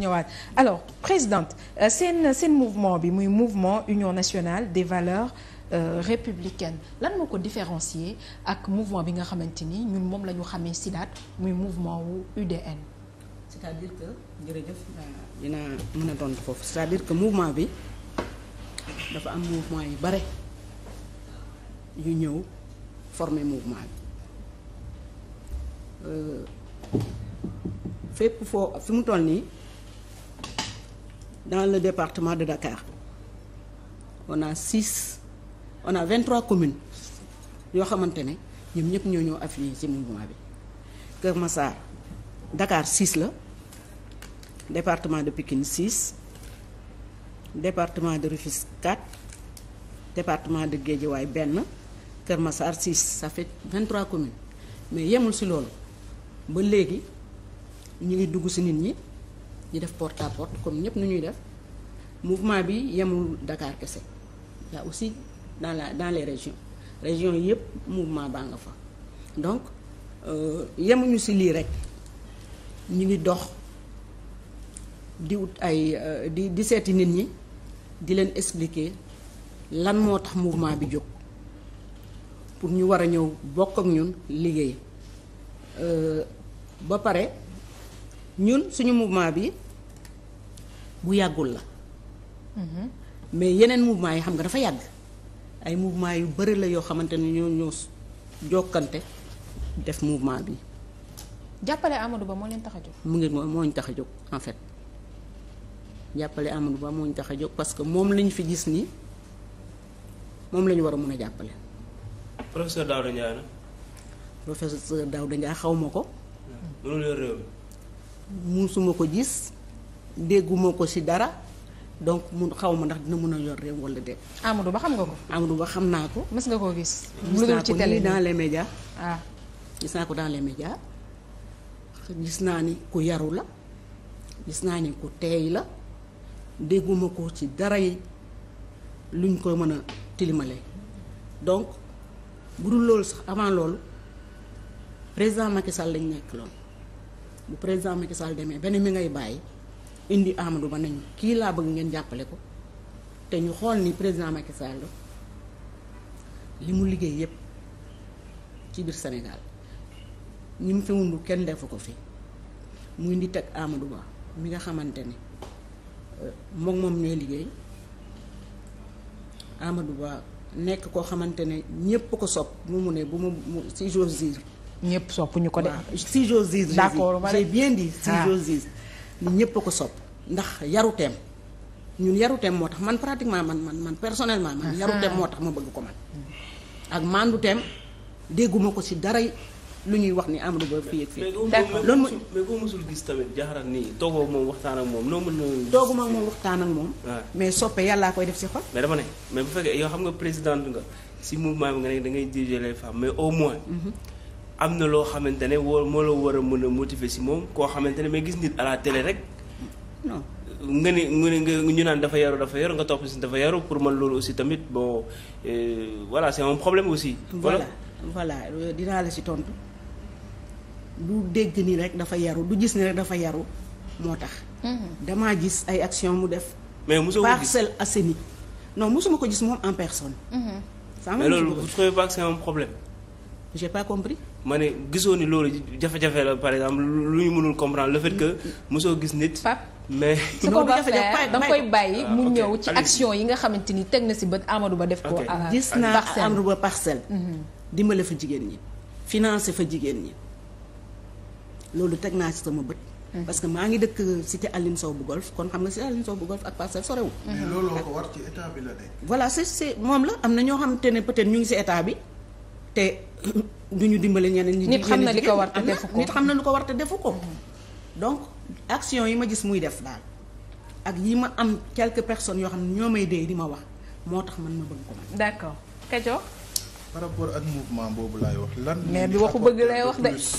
ñëwaat alors présidente euh, seen seen mouvement bi muy mouvement union nationale des valeur Euh, républicaine lan moo ko différencier ak mouvement bi nga xamante ni ñun moom la ñu xamee SIDAT muy mouvement wu UDN. c'est-à-dire que jërëjëf euh, foofu cest à que mouvement bi dafa am mouvement yu bare yu ñëw former mouvement bi euh, fépp foo fi mu toll nii. dans le département de Dakar on a ona on a vingt trois communes yoo xamante ne ñoom ñëpp ñoo ñëw affilié ci mouvement bi Kër Massar Dakar six la département de Pikine six département de Rufisque quatre département de Guédiawaye benn Kër Massar six ça fait vingt trois communes mais yemul si loolu ba léegi ñu ngi dugg si nit ñi. ñu def porte à porte comme ñëpp nu def mouvement bi yemul Dakar kese y aussi dans la dans les régions régions yi yëpp mouvement baa nga fa donc euh, yemuñu si lii rek ñu ngi dox di wut ay euh, di di seeti nit ñi di leen expliquer lan moo tax mouvement bi jóg pour ñu war a ñëw bokk ak ñun liggéey euh, ba pare ñun suñu mouvement bi bu yàggul la mhm. mais yeneen mouvement yi xam nga dafa yàgg ay mouvement yu bëri la yoo xamante ne ñoo ñoo jokkante def mouvement bi jàppale amadu Ba moo leen tax a jóg mu ngi moo moo tax a jóg en fait jàppale Amadou Ba tax a jóg parce que moom lañu fi gis nii moom la war a mun a jàppale professeur Daouda Ndiaye na professeur Daouda Ndiaye xaw ma ko mënul musuma ko gis dégguma ko ci dara donc mun xaw ma ndax dina mun a yor réew wala de Amadou Ba xam nga ko. Amadou Ba xam naa ko. mes nga koo gis. mu dul ci télé dana naa ko les médias. ah gis naa ko dans les médias gis naa ni ku yaru la gis naa ni ku teey la dégguma ko ci dara yi luñ koy mën a tilimale donc bu dul loolu sax avant loolu président Macky Sall lañ nekk loolu. bu président Macky Sall demee benn mi ngay bàyyi indi Amadou Ba nañu kii laa bëgg ngeen jàppale ko te ñu xool ni président Macky Sall li mu liggéey yépp ci biir Sénégal ñi mu fi wundu kenn defu ko fi mu indi teg Amadou Ba mi nga xamante ne euh, moom moom ñooy liggéey amadu Ba nekk koo xamante ne ñépp ko sob mu mu ne bu ma si j'ose ñëpp sopp ñu ko de. si j'ose dire d'accord j'ai bien dit si ah. j'ose dire ñëpp a ko sopp ndax yaruteem ñun yaruteem moo tax man pratiquement man man man personnellement man yaruteem moo tax ma bëgg ko man ak manduteem dégguma ko si dara lu ñuy wax ni am Ba fii ak fii. d'accord loolu mooy mais boo mësul gis tamit jaaxaral nii toogoo moom waxtaan ak moom noo mën na. tooguma moom waxtaan ak moom. Ah. mais soppe yàllaa koy def si xol. mais dama ne mais bu fekkee yow xam nga présidente nga si mouvement bi nga ne da ngay diriger les mais au moins. Mhm. am na loo xamante ne woo moo la war a mën a motiver si moom koo xamante ne mais gis nit à la télé rek. non nga ne nga ñu naan dafa yaru dafa yaru nga topp si dafa yaru pour man loolu aussi tamit bon euh, voilà c'est un aussi. voilà voilà dinaa la si tontu du dégg nii rek dafa yaru du gis ni rek dafa yaru moo tax. Mhm. damaa gis ay action mu def. mais mosoo ko gis Parcelles Assainies ko gis moom en personne. sama mhm. mais loolu vous pas c'est un problème. j'ai pas compris. ma ne gisoo ni loolu jafe-jafe la par exemple lu ñu mënul comprendre le fait que mosoo gis nit. mais su ko ba da nga koy bàyyi ah, mu ñëw ci action yi nga xamante ni teg na si bët Amadou Ba def ko. gis naa Amadou Ba parcelle. Mhm. dimbale fa jigéen ñi. financer fa jigéen ñi loolu teg naa si sama bët. Mhm. parce que maa ngi dëkk cité Aline Sow bu golf kon xam nga cité Aline Sow bu golf ak parcelle sorewul. Mhm. mais loolu ko war ci état bi la de. voilà c'est c'est moom la am na ñoo xamante ne peut-être ñu ngi si état bi te. du ñu dimbale ñeneen ñi. nit xam na li ko war te defu ko nit xam na li ko war te defu ko. donc action yi ma gis muy def daal ak yi ma am quelque personnes yoo xam ne ñoo may dee di ma wax moo tax man ma bëgg ko man. d'accord Kajo. par rapport ak mouvement boobu laay wax lan. mais bi waxu bëgg lay wax de.